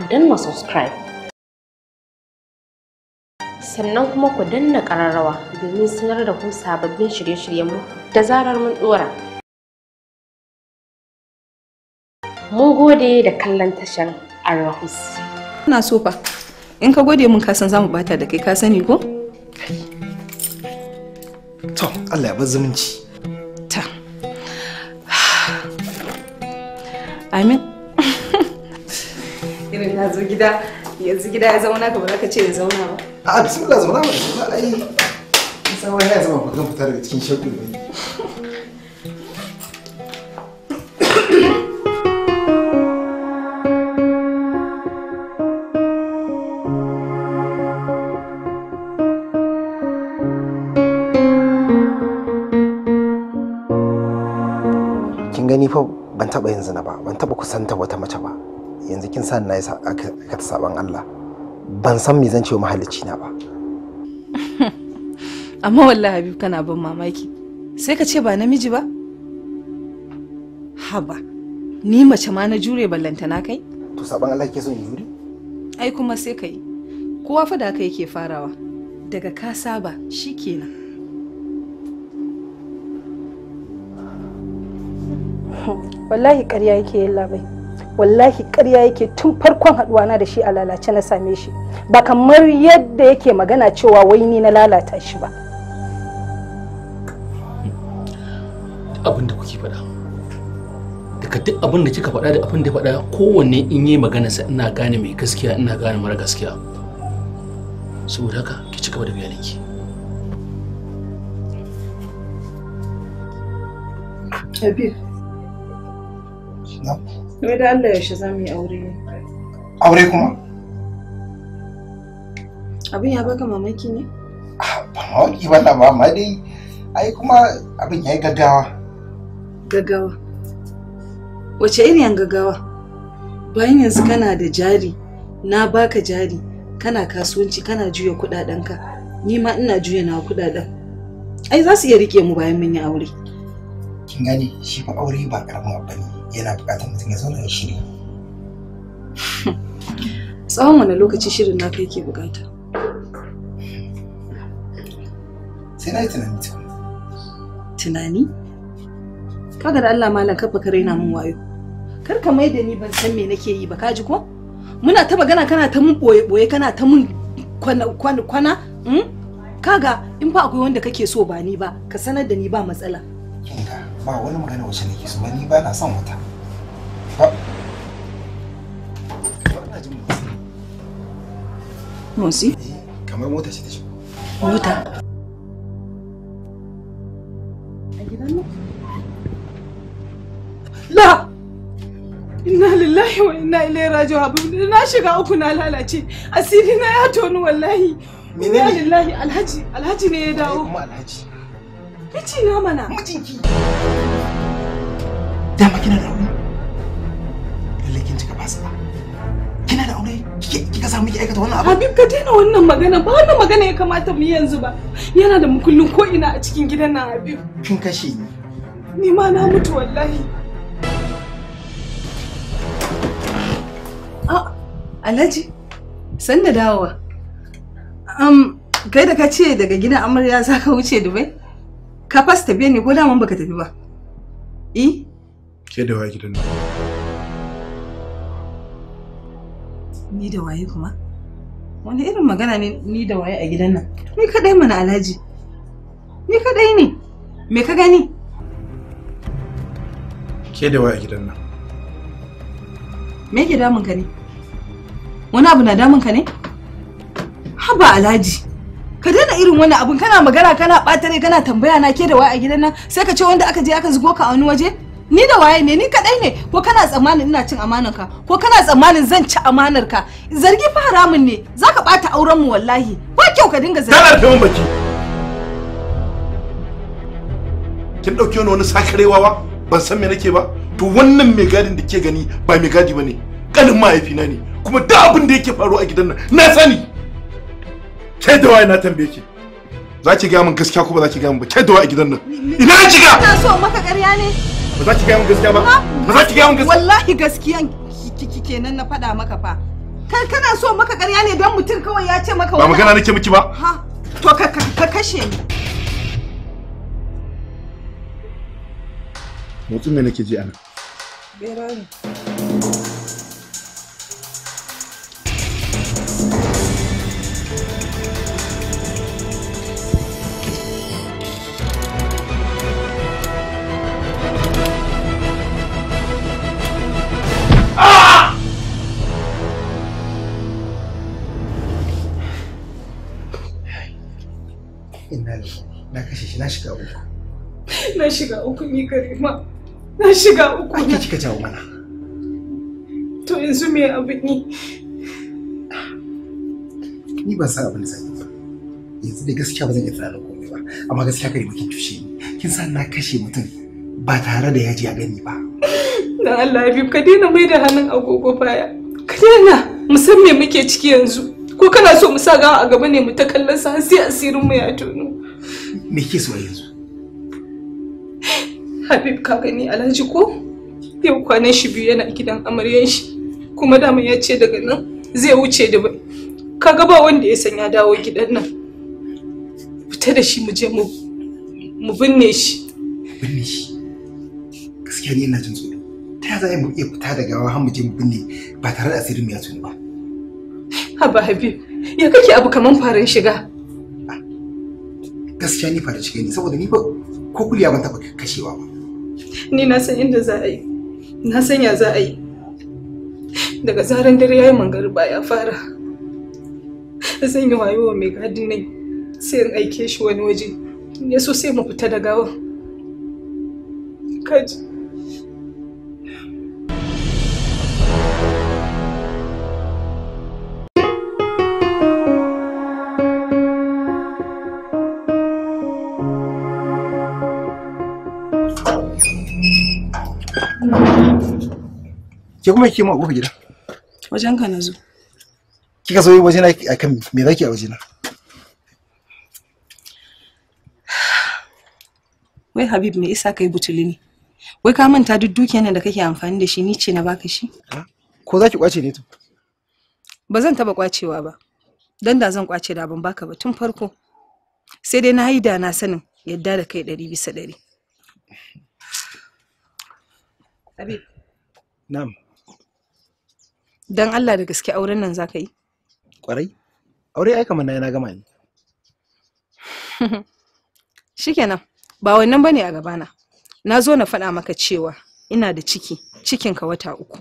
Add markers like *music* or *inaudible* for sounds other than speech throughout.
ku danna subscribe sannan kuma ku danna kararrawa domin sanar da ku sababbin shirye-shiryenmu da zarar mun ɗora. Mun gode da kallon tashar Arahus. Ina so fa, in ka gode mun kasan zamu bata da kai ka sani ko? To, Allah ya bar zumunci. Ta. *sighs* Amin. irin na zo gida yanzu gida ya zama naka ba za ka ce ya zauna ba a bismillah zauna ba zauna ai sawa ya zama ba zan fita daga cikin ne. kin gani fa ban taɓa yin zina ba ban taɓa kusanta wata mace ba yanzu kin san na yi aka ta saban Allah ban san me zan ce wa mahalicci na ba *laughs* amma wallahi Habib kana ban mamaki sai ka ce ba namiji ba haba ni mace ma na jure ballantana kai to saban Allah ke son jure ai kuma sai kai kowa fa da kai yake farawa daga ka saba shikenan wallahi ƙarya yake yin labai wallahi ƙarya yake tun farkon na da shi a lalace na same shi ba kamar yadda yake magana cewa wai ni na lalata shi ba abin da kuke faɗa daga duk abin da kika faɗa da abin da faɗa kowanne in yi maganarsa ina gane mai gaskiya ina gane mara gaskiya saboda haka ki gaba da bayaninki Kabir. No. Wai da Allah yaushe za mu yi aure ne? Aure kuma? Abin ya baka mamaki ne? Ah, ba mamaki wannan ba ma dai ai kuma abin ya yi gaggawa. Gaggawa? Wace iriyan gaggawa? Bayan yanzu kana da jari, na baka jari, kana kasuwanci kana juya kuɗaɗenka. ni ma ina juya na kuɗaɗen. Ai za su iya riƙe mu bayan mun yi aure. Kin gani shi ba aure ba ƙaramin abu ne. yana buƙatar mutum ya zauna ya shirya *laughs* tsawon wani lokaci shirin na kai ke bukata sai na yi tunani tunani kaga da Allah malam kafa ka raina mun wayo kar ka mai da ni ban san me nake yi ba ka ji ko muna ta magana kana ta mun boye boye kana ta mun kwana kwana kwana hmm? kaga in fa akwai wanda kake so ba ni ba ka sanar da ni ba matsala kinga ba wani magana wace nake so ni ba na son wata Monsi? Kamar mota ce ta shi Mota? La! Inna lillahi wa inna ilaihi raji'un. Na shiga uku na lalace. Asiri na ya tonu wallahi. Menene? Inna lillahi Alhaji, Alhaji ne ya dawo. Kuma Alhaji. Miji na mana. Mijinki. Dama kina da aure? Lalle kin cika fasa. Kina da aure? Kika samu miki aikata wannan abu? Habib ka daina wannan magana ba wannan magana ya kamata mu yanzu ba. Yana da mukullin ko ina a cikin gidan nan Habib. Kin kashe ni. Ni ma na mutu wallahi. Ah, Alhaji, san da dawowa. Um, kai da ka ce daga gidan amarya za ka wuce Dubai? Ka fas tafiya ne ko daman baka tafi ba? I? Ke da waye gidan nan? Ni da waye kuma? Wani irin magana ne ni da waye a gidan nan? Ni kadai mana alhaji. Ni kadai ne. Me ka gani? Ke da waye a gidan nan? Me ke damun ka ne? Wani abu na damun ka ne? Haba alhaji. ka daina irin wani abun kana magana kana ɓatare kana tambaya na ke da waye a gidan nan sai ka ce wanda aka je aka zugo ka a wani waje ni da waye ne ni kadai ne ko kana tsammanin ina cin amanar ka ko kana tsammanin zan ci amanar ka zargi fa haramun ne zaka bata auren mu wallahi ba kyau ka dinga zargi kana da baki kin dauke ni wani sakarewa ba ban san me nake ba to wannan mai gadin da ke gani ba mai gadi bane kanin mahaifina ne kuma duk abin da yake faruwa a gidan nan na sani Ke da waye na tambaye ki? Za ki gaya min gaskiya ko ba za ki gaya min ba? Ke da waye a gidan nan? Ina ki ga? Ina so maka ƙarya ne. Ba za ki gaya min gaskiya ba? Ba za ki gaya min gaskiya. Wallahi gaskiyan kenan na faɗa maka fa. Kai kana so maka ƙarya ne don mutum kawai ya ce maka Ba magana nake miki ba. Ha. To ka kashe ni. Mutum me nake ji ana? Bera ne. na shiga uku ni karima na shiga uku na kika jawo mana to yanzu me abin ni ni ban san abin sai ba yanzu da gaskiya ba zan iya tsara komai ba amma gaskiya kai mutum tushe ni kin san na kashe mutum ba tare da yaji a gani ba dan Allah ya bi ka daina mai da hannun agogo baya ka daina mu san me muke ciki yanzu ko kana so mu sa gawa a gaba ne mu ta kallon sa har sai asirin mu ya tono me ke so yanzu Habib ka gani Alhaji ko? Yau kwanan shi biyu yana gidan amaryan shi kuma dama ya ce daga nan zai wuce da kaga ba wanda ya san ya dawo gidan nan. Fita da shi mu je mu mu binne shi. Binne shi. Gaskiya ni ina jin tsoro. Ta za mu iya fita daga wa har mu je mu binne ba tare da asirin ya tsoro ba. Haba Habib, ya kake abu kaman farin shiga? Ah, gaskiya ni farin shiga ne saboda ni ba ko kuliya ban taɓa kashewa ba. ni na san inda za a yi na san za a yi daga zaran dare ya yi mangariba ya fara zan yi wayowa mai gadi ne sai in aike shi wani waje ya so sai mu fita da gawa kaji Ke kuma ke ma gofa gida? Wajen ka na zo. Kika zo wajen a kan me zaki a wajena? Wai Habib me isa kai butuli ne? Wai ka manta duk dukiyar nan da kake amfani da shi ni ce na baka shi? Ko zaki kwace ne to? Ba zan taba kwacewa ba. Dan da zan kwace da ban baka ba tun farko. Sai dai na haida na sanin yadda da kai ɗari bisa ɗari. Habib. Na'am. Don Allah da gaske auren nan za ka yi? Kwarai, aure ai kamar na gama ne. *laughs* Shikenan, ba wannan bane a gabana. Na zo na faɗa maka cewa ina da ciki, cikinka wata uku.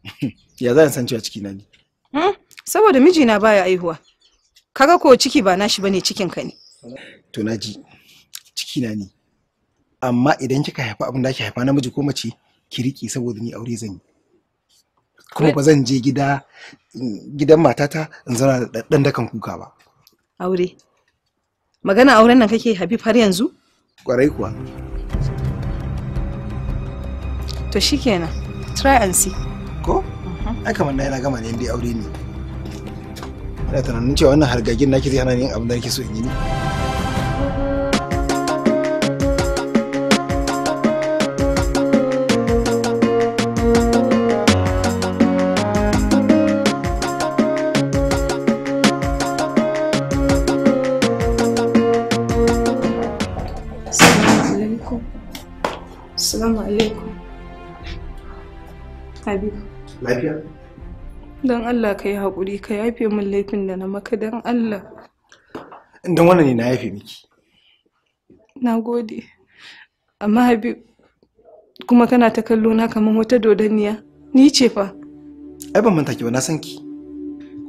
*laughs* ya za san cewa ciki na ne? Hmm? Saboda mijina baya aihuwa. Kaga ko ciki ba nashi bane cikinka ne. To na ji, ciki na ne. Amma idan kika haifa abin da ake haifa namiji ko mace, ki riƙe saboda ni aure zan yi. kuma ba zan je gida gidan matata in zara da dan dakan kuka ba aure magana auren nan kake habib har yanzu kwarai kuwa to shikenan try and see ko mhm. ai kamar na yana gama ne dai aure ne ina tunanin cewa wannan hargagin naki zai hana ni abin da nake so in yi ne السلام عليكم Habib. Lafiya? Don Allah ka yi haƙuri ka yafe min laifin da na maka dan Allah. Don wannan ne na yafe miki. Na gode. Amma Habib kuma kana ta kallo na kamar wata dodanniya. ni ce fa. Ai ban manta ki ba na san ki.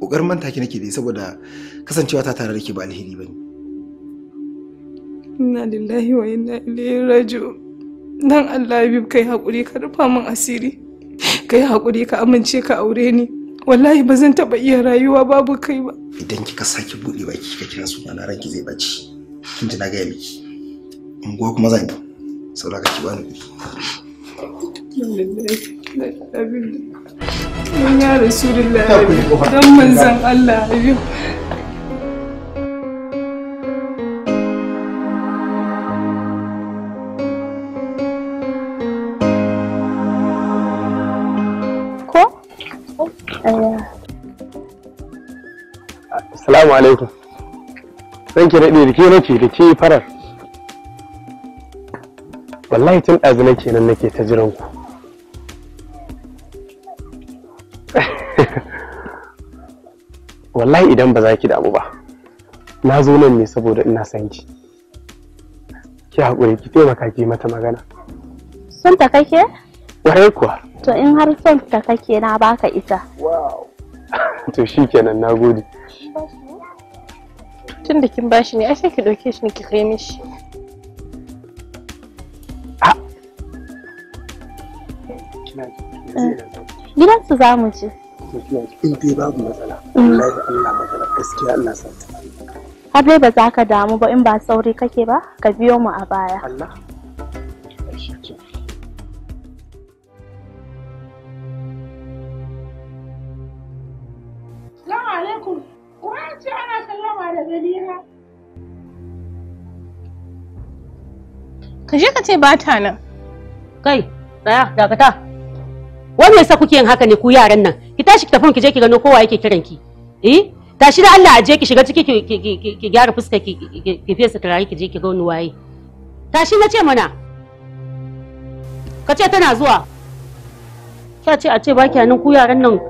Ƙoƙarin manta ki nake dai saboda kasancewa ta tare da ki ba alheri bane. Inna lillahi wa inna ilaihi raji'un. dan Allah ya kai hakuri ka rufa min asiri kai hakuri ka amince ka aure ni wallahi ba zan taɓa iya rayuwa babu kai ba idan kika sake buɗe baki ka kira su na ranki zai baci kin ji na gaya miki unguwa kuma zan yi saboda ka ki bani kuɗi Allah ya rasulullahi dan manzan Allah habib salamu alaikum zan ki daɗe da ke nake da ke farar wallahi tun ɗazu nake nan nake ta jiran ku *laughs* wallahi idan ba za ki damu ba na zo nan ne saboda ina son ki ki haƙuri ki taimaka ki mata magana son ta kake warai kuwa to in har son ta kake na baka ita wow *laughs* to na nagode tun da kin bashi ne ai sai ki dauke shi ne ki kai mishi ah! eh. gidansu za mu ci in dai babu matsala mm. wallahi Allah matsala gaskiya Allah sa ta har dai ba za ka damu ba in ba sauri kake ba ka biyo mu a baya Allah ka je ka ce ba ta nan kai tsaya dakata Wani yasa kuke yin haka ne ku yaran nan ki tashi ki tafi ki je ki gano kowa yake kiran ki eh tashi da Allah aje ki shiga ciki ki gyara fuska ki fesa turare ki je ki gano waye tashi na ce mana ka ce tana zuwa ka ce a ce ba nan ku yaran nan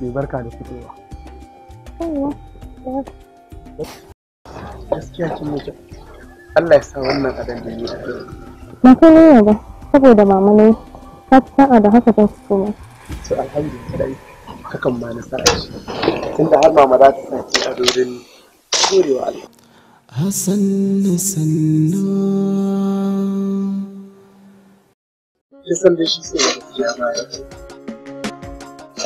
laɓe barka da fitowa. Gaskiya kin mutu. Allah ya sa wannan adan da ni da Ban san ne ba saboda mama ne Ka sa'a da haka ta fito ma. To alhamdulillah hakan ma na sa'a shi. Tunda har mama za ta sake a dorin gorewa Allah. Hassan sannu. Kisan da shi sai ya baya.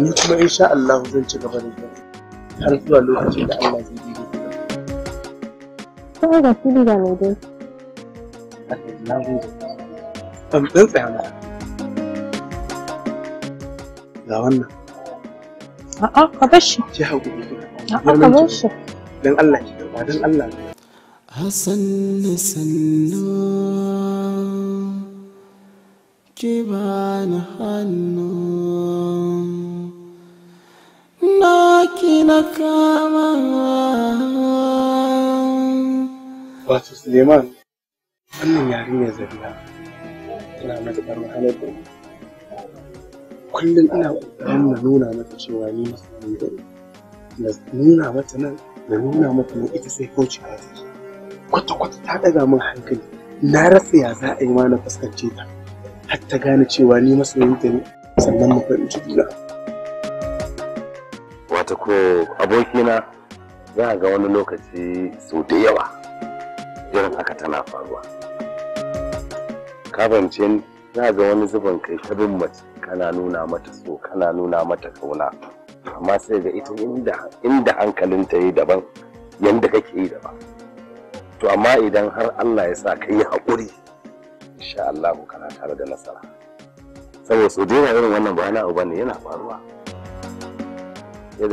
ni kuma insha Allah zan ci gaba da zuwa har zuwa lokacin da Allah zai yi kuma ga fili da ne dai na gode ban tsaya na ga wannan a a ka bar shi ki hakuri a'a ka bar shi dan Allah ki ba dan Allah حسن سنو جبان حنو naki na kama wato suleiman wannan yarinyar zariya tana matuƙar wahalar da kullum ina ƙoƙarin na nuna mata cewa ni masanin da na nuna mata nan na nuna mata nan ita sai kaucewa ta kwata-kwata ta ɗaga min hankali na rasa ya za a yi ma na fuskance ta har ta gane cewa ni masanin ta ne sannan mu fahimci juna. wata ko abokina za a ga wani lokaci sau da yawa irin haka tana faruwa kabance fahimce za ga wani zuban kai ta bin mace kana nuna mata so kana nuna mata kauna amma sai ga ita inda inda ta yi daban yanda kake yi daban to amma idan har Allah ya sa ka yi haƙuri insha Allah kana tare da nasara saboda so da irin wannan ba na uba ne yana faruwa sai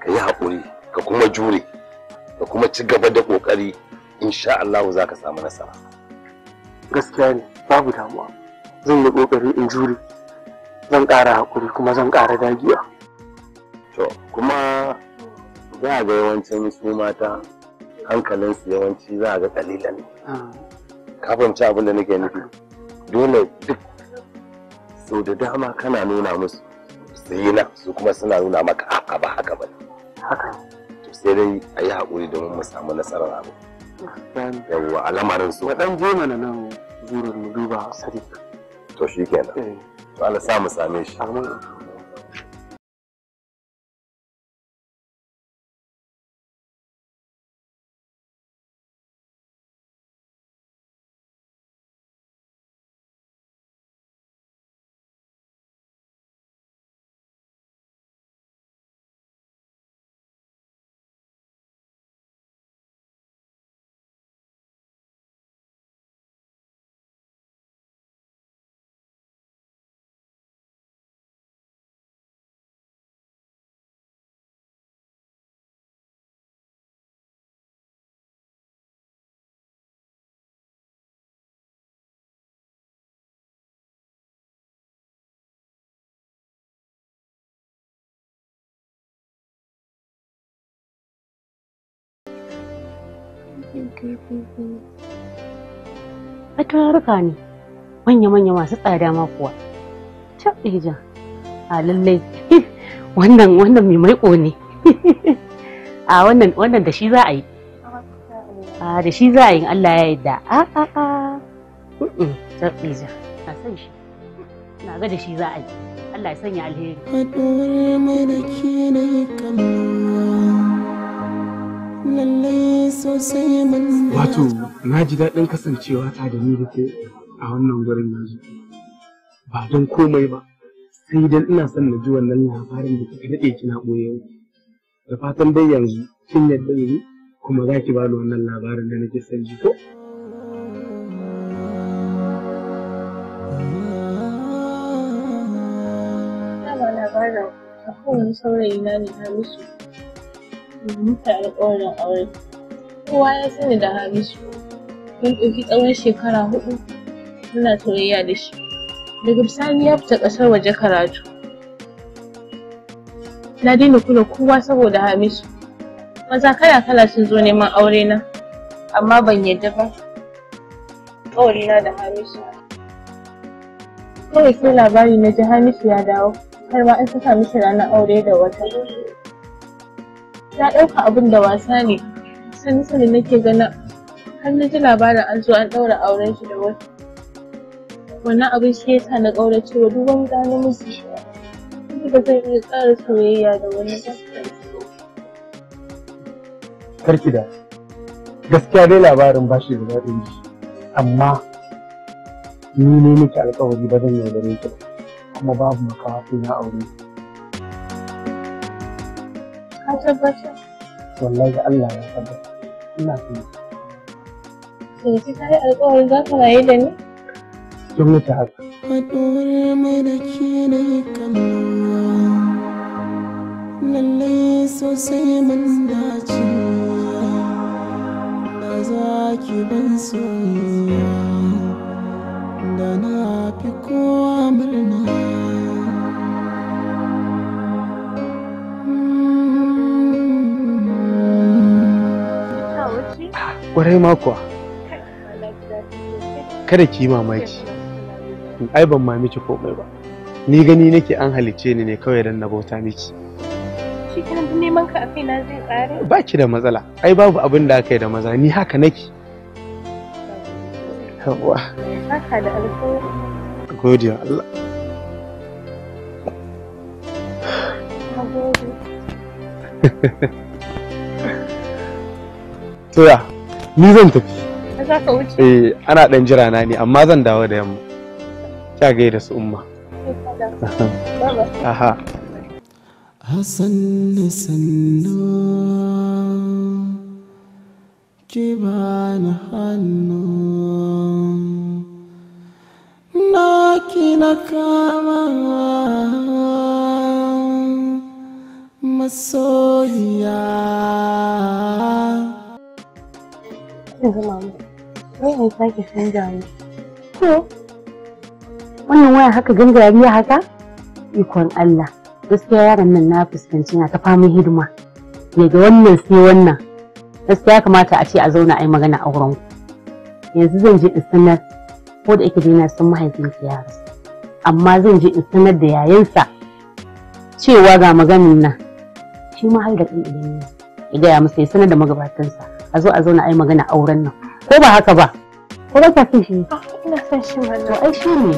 ka yi haƙuri ka kuma jure ka kuma ci gaba da ƙoƙari insha Allah za ka samu nasara gaskiya ne babu damuwa zan yi ƙoƙari in jure zan ƙara haƙuri kuma zan ƙara dagiya to kuma za a ga yawancin su mata hankalinsu yawanci za a ga ƙalilan ne ka fahimci abin da nake nufi dole duk sau da dama kana nuna musu tsaye na su kuma suna nuna maka a ba haka ba haka to sai dai a yi haƙuri domin mu samu nasarar abu yawwa al'amarin su ɗan je mana nan burin mu duba sadiq to shi kenan eh. to ala sa mu same shi amin a turaruka ne manya-manya masu tsada ma kuwa caɗeja a lallai *laughs* wannan wannan mai maiko ne *laughs* a wannan wannan da shi za a yi a da shi za a yi Allah ya yarda a a a caɗeja na san shi na ga da shi za a yi Allah ya sanya alheri. Faɗuwar mana ke na yi kamar wato na ji daɗin kasancewa ta da ni da ke a wannan gurin yanzu ba don komai ba sai dan ina son na ji wannan labarin da kika daɗe kina ɓoye da fatan dai yanzu kin yadda ni kuma za ki bani wannan labarin da nake son ji ko labarin akwai wani saurayi na ne na musu muka yi aure kowa ya sani da hamisu mun ɗauki tsawon shekara hudu muna soyayya da shi daga bisani ya fita ƙasar waje karatu na daina kula kowa saboda hamisu maza kala kala sun zo neman aure na amma ban yadda ba na da hamisu kawai sai labari na ji hamisu ya dawo har ma an saka mishi ranar aure da wata na ɗauka abin da wasa ne sani sani nake gana har na ji labarin an zo an ɗaura auren shi da wani wannan abin shi ya sa na ƙaura cewa duk wani musu shi ba zan iya ƙara soyayya da wani ba karki da gaskiya dai labarin ba shi da daɗin ji amma ni ne nake alƙawari ba zan yaudare ki ba kuma babu makawa na aure Ka tabbatar? Allah ya tabbatar Ina shi ka yi alƙawarin za ka rayu da ni? sosai mun Da za ban soyayya. Da fi kowa Kwarai ma kuwa. Kada ki yi mamaki. Ai ban mamaki ko mai ba. Ni gani nake an halice ni ne kawai dan na bauta miki. Shi kenan neman ka a kaina zai tsare Ba ki da matsala. Ai babu abin da aka yi da maza ni haka nake. Yawwa. Haka da alƙawari Godiya Allah. Nagode. *laughs* ni zan tafi za eh, ana ɗan jira na ne amma zan dawo da yamma kya gaida su umma aha na sannu ki na hannu na kina kama masoyiya yanzu mamu sai in sake canja ni wannan waya haka ya haka ikon Allah gaskiya yaron nan na fuskanci na ta fama hidima daga wannan sai wannan gaskiya kamata a ce a zauna a yi magana a wurin yanzu zan je in sanar ko da yake daina san mahaifinsa ya rasu amma zan je in sanar da yayansa cewa ga maganin nan shi ma har da ɗan idan ya gaya masa ya sanar da magabatansa a zo a zauna ai magana auren nan ko ba haka ba ko ba ka fi shi ah, ina son shi wannan ai shi ne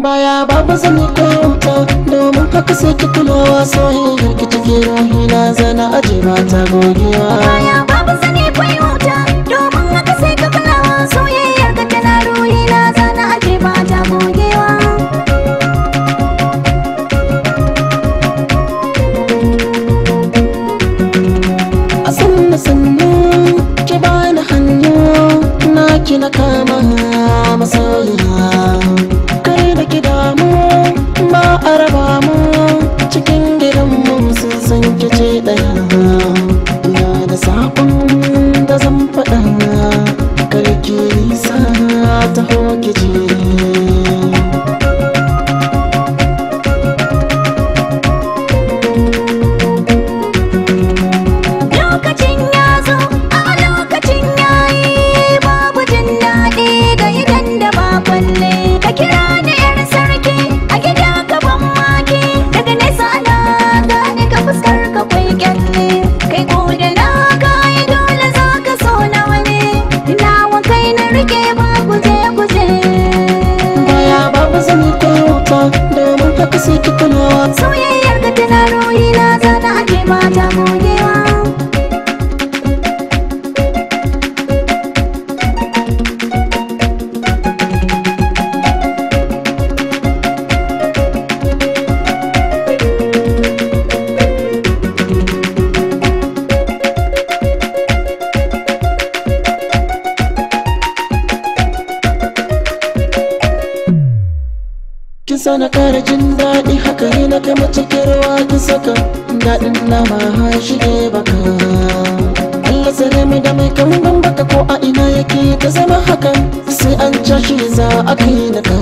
*laughs* baya babu sani ko wuta domin ka kasa ki kulawa soyayyar ki take rahina zana aje ba ta gogewa baya saka daɗin nama har shige baka Allah sare mu da mai kaunan baka ko a ina yake ta zama hakan sai an cashe za a kai da ka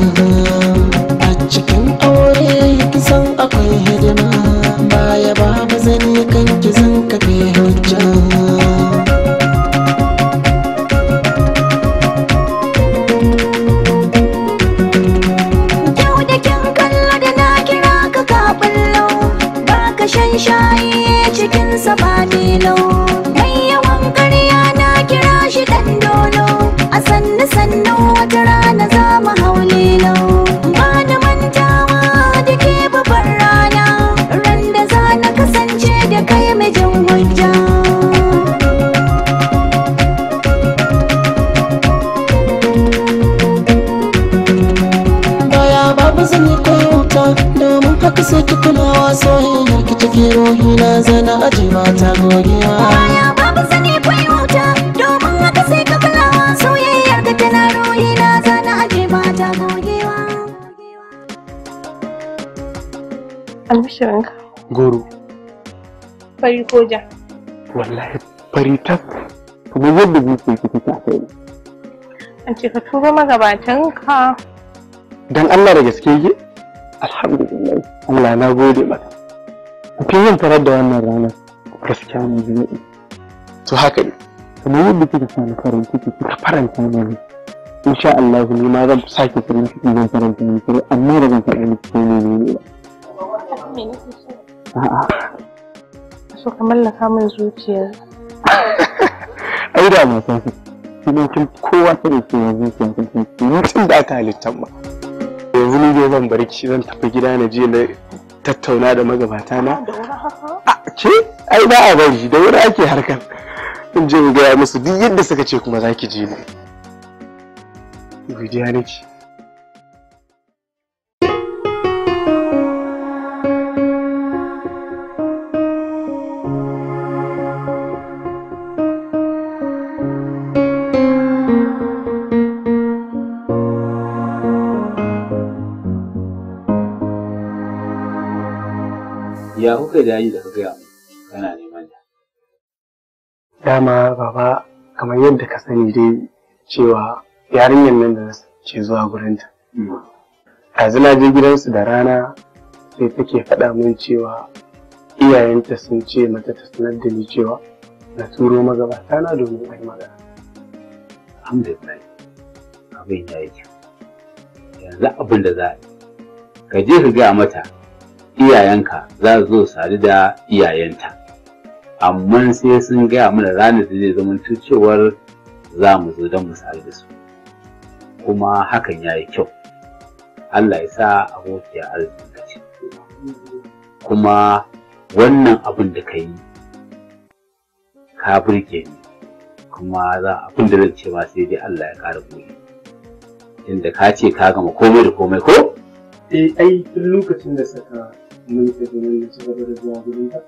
mata domin haka sai ki kulawa soyayyar ki take rohi na zana aji mata godiya baya babu sani kai wuta domin haka sai ka kulawa soyayyar ka tana rohi na zana aji mata godiya goro fari ko ja wallahi fari ta kuma yadda kai an ce ka tura magabatanka dan Allah da gaske yake alhamdulillah Allah na gode maka tun yin tarar da wannan ranar gaskiya ji ne to haka ne kamar yadda kika sani farin ciki kika faranta mani insha Allah ni ma zan sake farin ciki zan faranta miki amma da zan faɗa miki ko ne ne ba a'a so ka mallaka min zuciyar ai da mata ki kin kowa sai ke zuciya kin kin da aka halitta ba yanzu ni dai zan shi zan tafi gida na jiya na tattauna da magabata na ce ai ba a bari da wuri ake harkar in je in gaya musu duk yadda suka ce kuma za ki je ne godiya nake ya kuka yi da kuka yi kana neman ta. Dama baba kamar yadda ka sani dai cewa yarinyar nan da ce zuwa gurinta. Hmm. A na je gidansu da rana sai take faɗa min cewa iyayenta sun ce mata ta sanar da ni cewa na turo magabata na domin ai magana. Alhamdulillah abin ya yi Yanzu abin da za a Ka je ka gaya mata iyayenka za su zo sadu da iyayenta amma sai sun gaya mana ranar da zai zama cewar za mu zo don mu sadu da su kuma hakan ya yi kyau Allah ya sa abokiya arzikin ka ce kuma wannan abin da ka yi ka burge ni kuma za abin da zan ce sai dai Allah ya ƙara goyi inda ka ce ka gama komai da komai ko? Eh ai tun lokacin da saka mun ke domin na ci da zuwa gurin ta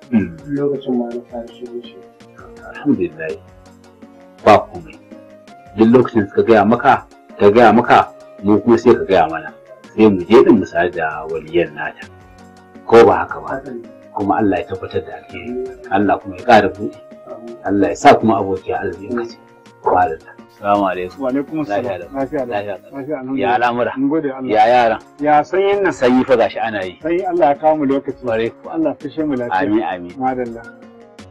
lokacin ma na fara shirye shi alhamdulillah ba komai duk lokacin suka gaya maka ka gaya maka mu kuma sai ka gaya mana sai mu je din misali da waliyan nata ko ba haka ba kuma Allah ya tabbatar da alheri Allah kuma ya ƙara buɗe Allah ya sa kuma abokiya arzikin ka ce ba da Salamu alaikum. Wa alaikum salam. Lafiya lafiya. Ya al'amura. Mun gode Allah. Ya yara. Ya sanyin nan. Sanyi fa gashi ana yi. Sanyi Allah ya kawo mu lokaci. Bare ku. Allah mu lafiya. Amin amin. Madalla.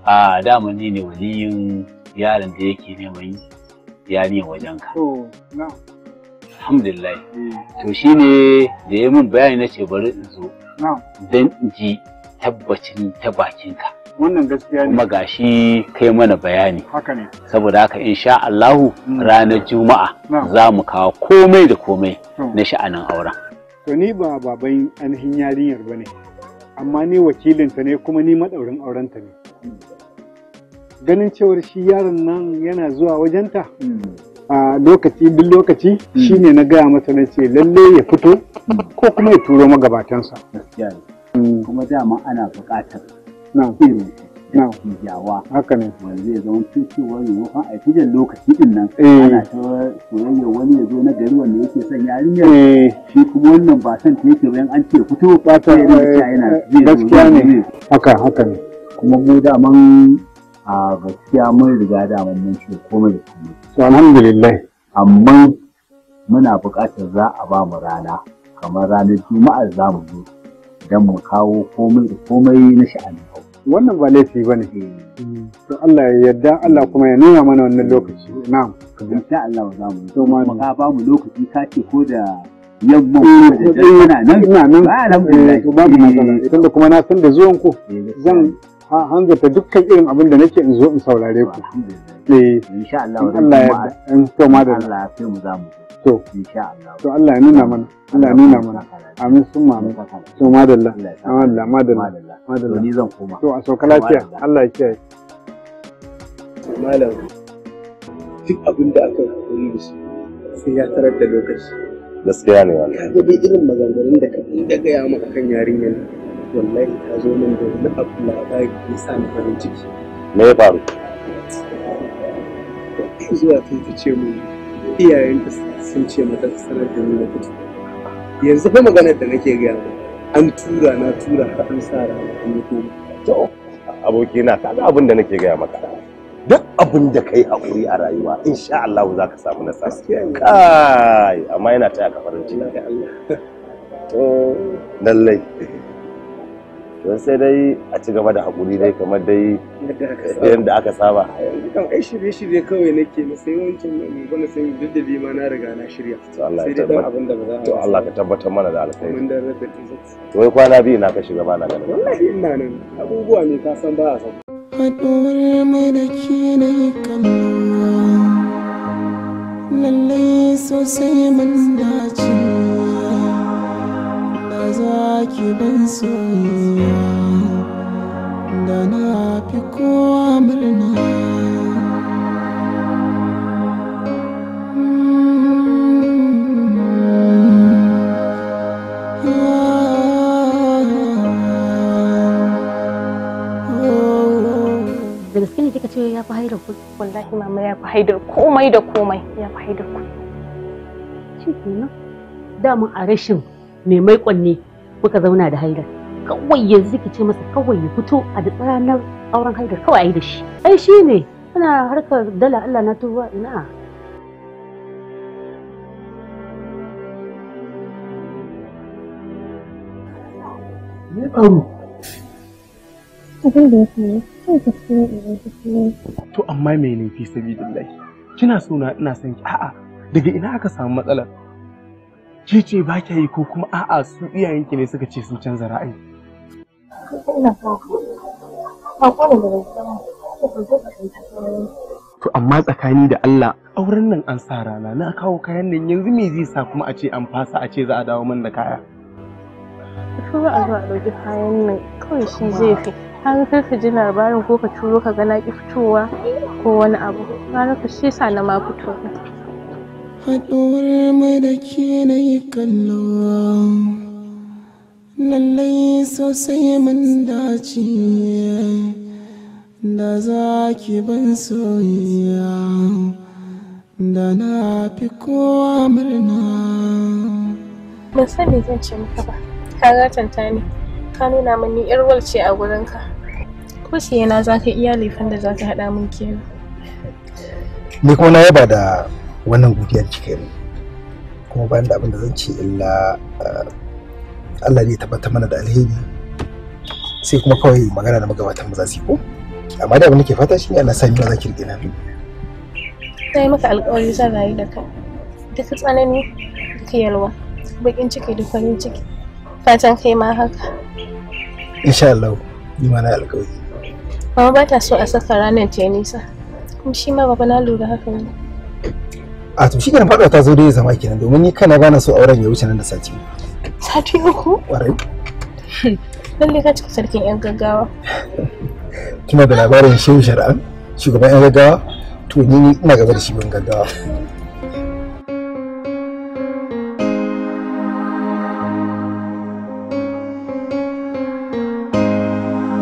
A dama ni ne waliyin yaron da yake neman ya eh. ne wajen ka. To na'am. Alhamdulillah. To shine da ya mun bayani na ce bari in zo. Na'am. Dan in ji tabbacin ta bakinka. wannan gaskiya ne kuma gashi kai mana bayani haka ne saboda haka insha Allahu hmm. ranar juma'a za mu kawo komai da komai na sha'anin auren to ni ba baban ainihin yarinyar bane amma ni wakilinta ne kuma ni madaurin aurenta ne ganin cewar shi yaron nan yana zuwa wajenta hmm. a lokaci duk lokaci hmm. shine na gaya masa na ce lalle ya fito ko kuma ya turo magabatansa kuma dama ana buƙatar na kuyi na jawa haka ne wanda zai zama tun cewa maimakon a fijan lokaci din nan eh. ana ta soyayya wani ya zo na gari wanda yake son yarinyar eh. shi kuma wannan ba san ta yake bayan an ce fito ba ta eh, yana gaskiya ne haka haka ne kuma mu daman a gaskiya mun riga daman mun ce komai da komai to alhamdulillah amma muna buƙatar za a ba mu rana kamar ranar juma'a za mu zo don mu kawo komai da komai na sha'ani. wannan ba laifi ba ne to Allah ya yarda Allah kuma ya nuna mana wannan lokaci na'am insha Allah ba za mu to ma ka ba mu lokaci ka ce ko da yamma eh, ko da dare nan nan ba nan eh, babu matsala eh. tunda kuma na san da zuwan ku zan ha hanzarta dukkan irin abin da nake in zo in saurare ku eh insha Allah ya in ma da Allah sai mu ya nuna mana Allah nuna mana amin sun ma mu to Allah ni zan to a sauka lafiya Allah ya kiyaye malam duk abin aka ya tarar da lokaci gaskiya ne irin maganganun da ka gaya maka kan yarinyar wallahi ta zo min da wani abu labari ke sa ni farin ciki me ya faru zuwa tun ta ce mu iyayenta sun ce mata ta sanar da ni na fito yanzu fa maganar da nake gaya mu an tura na tura har an sa rana an yi to abokina kaga abin da nake gaya maka duk abin da kai haƙuri a rayuwa insha Allah za ka samu nasara kai amma yana taya ka farin ciki to lallai don sai dai a ci gaba da haƙuri dai kamar dai yadda aka saba kan ai shirye-shirye kawai nake na sai wancan mai bana sai duk da ma na riga na shirya to Allah ya tabbatar to Allah ka tabbatar mana da alkhairi mun da rabbi to wai kwana biyu na ka shiga bana ganin wallahi ina nan abubuwa ne ka san ba a san haɗuwar mai da ke na yi kallo lallai sosai mun dace za ki ban soyayya da na fi kowa murna da gaske ne ya fi haidar ku wallahi mama ya fi haidar komai da komai ya fi haidar ku shi kenan damun a rashin mai mai ne muka zauna da haidar kawai yanzu ki ce masa kawai ya fito a da ranar auren haidar kawai ayi da shi ai shi ne ina harkar dala allah na tuba ina Ne faru? Abin da ya faru, kan ka cikin idan To amma me ne fi sabi kina so ina son ki a'a daga ina aka samu matsalar ke ce ba kya yi ko kuma a'a su iyayenki ne suka ce sun canza ra'ayi to amma tsakani da Allah auren nan an sa rana na kawo kayan nan yanzu me zai sa kuma a ce an fasa a ce za a dawo min da kaya ko ba a zo a ɗauki kayan nan kawai shi zai fi har kai ka ji labarin ko ka turo ka ga na ki fitowa ko wani abu ranar ka shi sa na ma fito haɗuwar mai da ke na yi kallo lallai sosai mun dace da za ki ban soyayya da na fi kowa murna ban san me zan ce maka ba ka gatanta ne ka nuna min ni yar walce a gurinka ko yana za ka iya laifin da za ka haɗa mun kenan ni kuma na yaba da wannan gudiyar cikin kika kuma bayan da abin da zan ce illa eh, Allah ne ya tabbata mana da alheri sai kuma kawai magana da magabatan mu za su yi ko amma da abin da ke fata shine Allah sami ma za ki rike na na sai maka alƙawari zan rayu da ka, duk tsanani duk yalwa bakin ciki da farin ciki fatan kai ma haka insha Allah ni ma na alƙawari mama ba ta so a saka ranar ta nisa kuma shi ma baba na lura haka ne a to shi kenan fada ta zo dai zama kenan domin ni kana bana so auren ya wuce nan da sati sati uku ƙwarai *laughs* lalle ka cika sarkin yan gaggawa kina *laughs* da labarin shehu shari'an shugaban yan gaggawa to ni ina gaba da shi ban gaggawa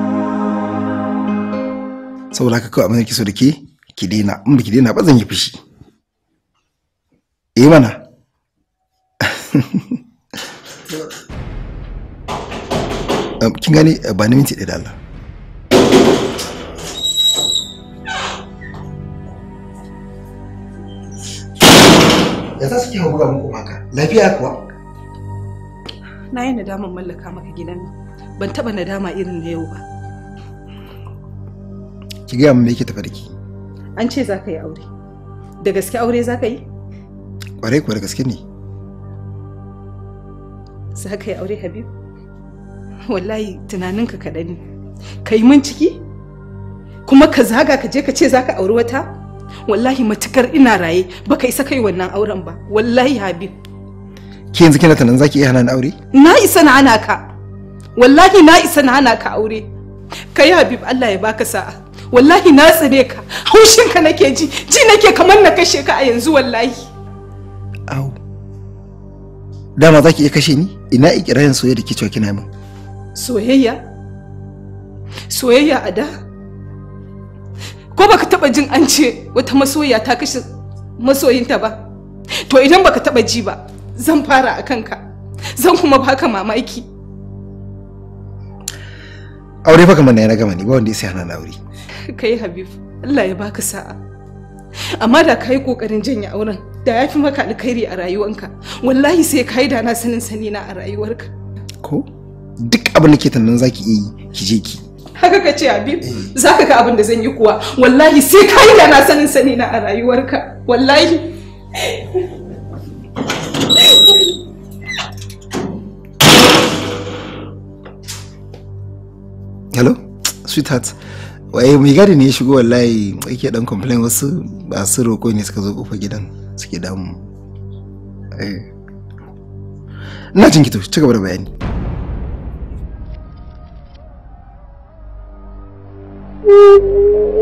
*laughs* saboda haka kawai abin da so da ke ki daina in ba ki daina ba zan yi fushi eh mana *laughs* kin gani eh, ba ni minti ɗaya da Allah ya za su ke buga muku maka lafiya kuwa na yi nadaman mallaka maka gidan nan ban taɓa nadama irin na yau ba ki gaya min me yake tafa an ce za ka yi aure da gaske aure za ka yi Kwarai kwarai gaske ne. Za ka yi aure Habib? Wallahi tunaninka kaɗan ne. Ka yi min ciki? Kuma ka zaga ka je ka ce za ka auri wata? Wallahi matukar ina raye baka isa kai wannan auren ba. Wallahi Habib. ke yanzu kina tunanin za ki iya hana ni aure? Na isa na hana ka. Wallahi na isa na hana ka aure. Kai Habib Allah ya baka sa'a. wallahi na tsare ka haushinka nake ji ji nake kamar na kashe ka a yanzu wallahi dama za ki iya kashe ni ina ikirarin soyayya da ke cewa kina min soyayya soyayya a da ko baka taba jin an ce wata masoya ta kashe masoyinta ba to idan baka taba ji ba zan fara a kanka zan kuma baka mamaki aure fa kamar na gama ne ba wanda ya sai hana na aure kai habib Allah ya baka sa'a amma da ka yi ƙoƙarin janye auren da ya fi maka alkhairi a rayuwanka wallahi sai ka yi da na sanin sani na a rayuwarka ko duk abin da ke tannan zaki iya yi ki je ki haka ka ce abin eh. za ka ga abin da zan yi kuwa wallahi sai ka yi da na sanin sani na a rayuwarka wallahi hello sweetheart waye mai gadi ne ya shigo wallahi yake dan complain wasu ba su roko ne suka zo kofa gidan suke damu eh. na jin kito ci gaba da bayani Thank you.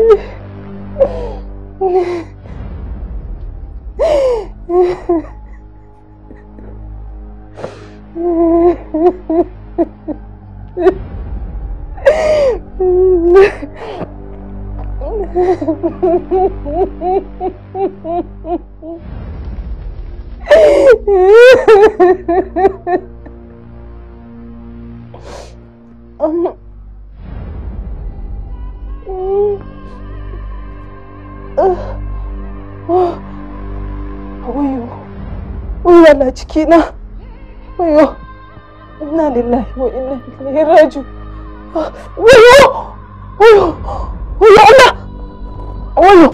cikina wayo inna lillahi wa inna ilaihi raji'un ah, wayo wayo wayo Allah wayo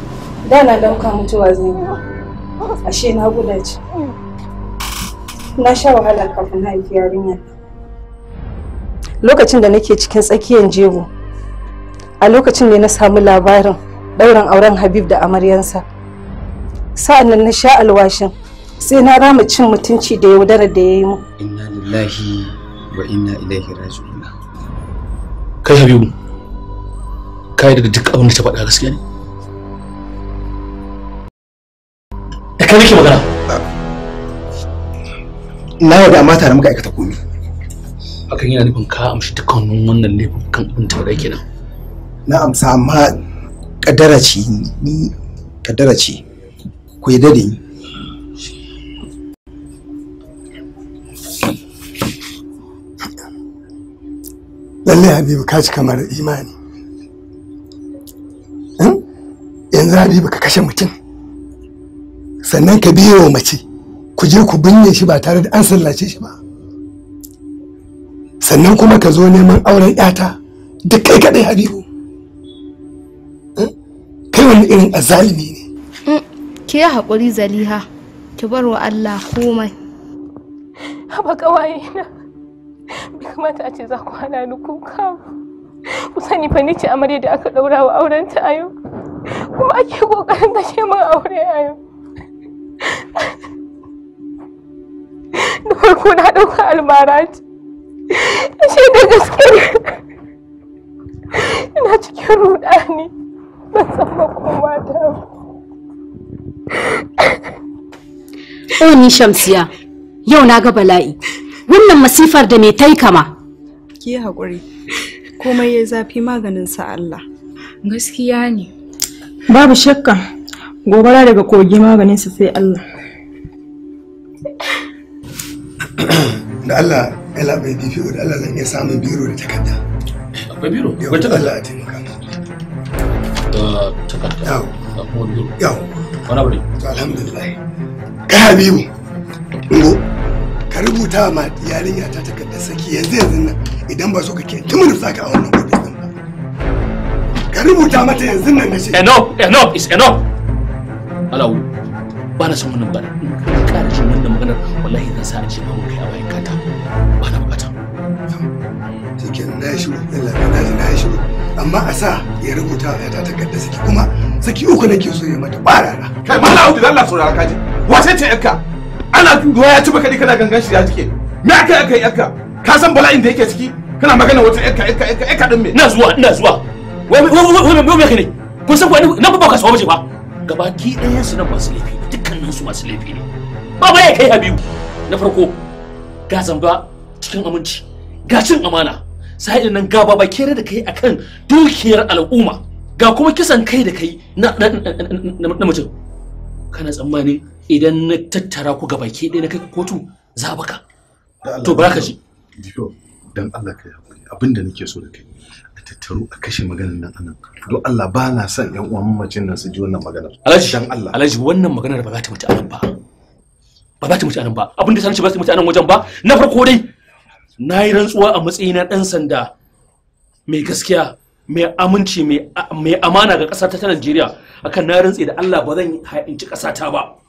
da na dauka mutuwa zai ashe na gudace na sha wahala kafin haifi yarinya lokacin da nake cikin tsakiyar jego a lokacin ne na samu labarin ɗaurin auren habib da amaryansa sa'an nan na sha alwashin sai na rama cin mutunci da yaudarar da ya yi mu inna lillahi wa inna ilaihi raji'un kai habibu kai da duk abin da ta faɗa gaskiya ne da kai nake magana na yau da amata da muka aikata komai hakan yana nufin ka amshi dukkanin wannan ne kan abin ta faɗa kenan na amsa amma kaddara ce ni kaddara ce ku yi dade Lallai habibu ka kamar kamar imani hmm? yanzu habibu ka kashe mutum sannan ka biyo wa mace ku je ku binne shi ba tare da an sallace shi ba sannan kuma ka zo neman auren yata duk kai kadai habibu hmm? kai wani irin azalimi ne hmm, ki yi haƙuri zaliha ki bar wa allah komai haba ƙawaye na bai kamata a ce za ku hana ni kuka ku sani fa ni ce amarya da aka ɗaura wa auren ta a yau kuma ake ta ce min aure a yau da farko na ɗaukar almara ce da gaske ina cikin ruɗani ban san makoma ta Oh ni Shamsiya, yau na ga bala'i. wannan masifar da me tai kama ki haƙuri komai ya zafi maganin sa Allah gaskiya ne babu shakka gobara daga kogi maganin sa sai Allah *coughs* da Allah bai bi da Allah zan iya samun biro da takarda akwai biro Allah a taimaka takarda wani abu ne alhamdulillah habibu ngo ka rubuta ma yarinya ta takardar saki yanzu yanzu nan idan ba so ka ke za ka a wannan ofis din ba ka rubuta mata yanzu nan na shi enough enough is enough alawu ba na san wannan ba ka da shi wannan maganar wallahi zan sa a ce ba kai a bayan kata ba na bukata cikin na yi shiru yalla na shi na amma a sa ya rubuta ya ta takardar saki kuma saki uku nake so ya mata ba rana kai da Allah saurara kaji wace ce ka. ana ruwa ya ci baka ne kana gangan shi ya jike me aka aka aka ka san bala'in da yake ciki kana magana wata aka aka aka aka din me ina zuwa ina zuwa wai wai wai wai me ne ko san ko na ba ka so ba gabaki ɗayan su nan masu laifi ne dukkanin su masu laifi ne baba ya kai habibu na farko ga zamba cikin aminci ga cin amana sai nan ga baba kere da kai akan dukiyar al'umma ga kuma kisan kai da kai na na mutum kana tsammanin idan na tattara ku ga baki ɗaya na kai kotu za a baka to ba ka ji dan Allah ka yi abin da nake so da kai a tattaru a kashe maganar nan anan don Allah ba na son ƴan uwan mamacin nan su ji wannan magana alaji dan Allah alaji wannan maganar ba za ta mutu anan ba ba za ta mutu anan ba abin da sanin ba za ta mutu anan wajen ba na farko dai na yi rantsuwa a matsayina ɗan sanda mai gaskiya mai aminci mai amana ga ƙasata ta Najeriya akan na rantse da Allah ba zan yi ha'inci ta ba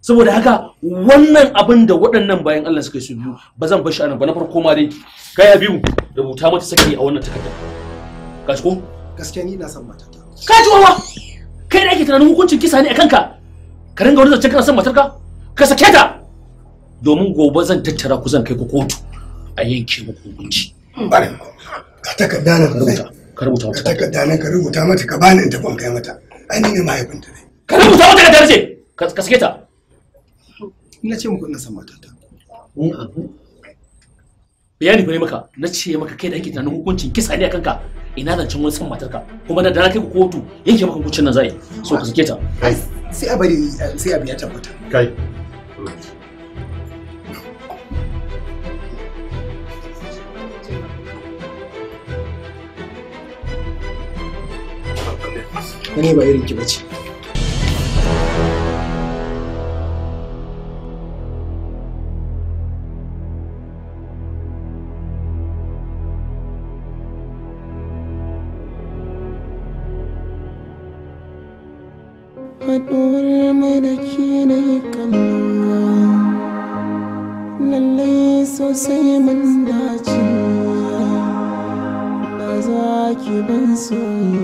saboda haka wannan abin da waɗannan bayan Allah suka su biyu ba zan bar shi anan ba na farko ma dai kaya biyu rubuta mata saki a wannan takardar ka ko gaskiya ni ina san mata ka ji wawa kai da ake tunanin hukuncin kisa ne a kanka ka ringa wani zancen kana san matar ka sake ta domin gobe zan tattara ku zan kai ku kotu a yanke muku hukunci ka takarda na rubuta ka rubuta mata ka takarda na ka rubuta mata ka bani in ta ban kai mata ai ni ne mahaifinta ne ka rubuta mata ka darje ka sake ta ina ce muku ina san matata in abu bayani ku ne maka na ce maka kai da ake tunanin hukuncin kisa ne a kanka ina zancen wani san matarka kuma da na kai ku kotu yanke maka hukuncin nan zai so ka sake ta sai a bari sai a biya tabbata kai ne ba irin ki bace sai mun dace ba za ki ban soyayya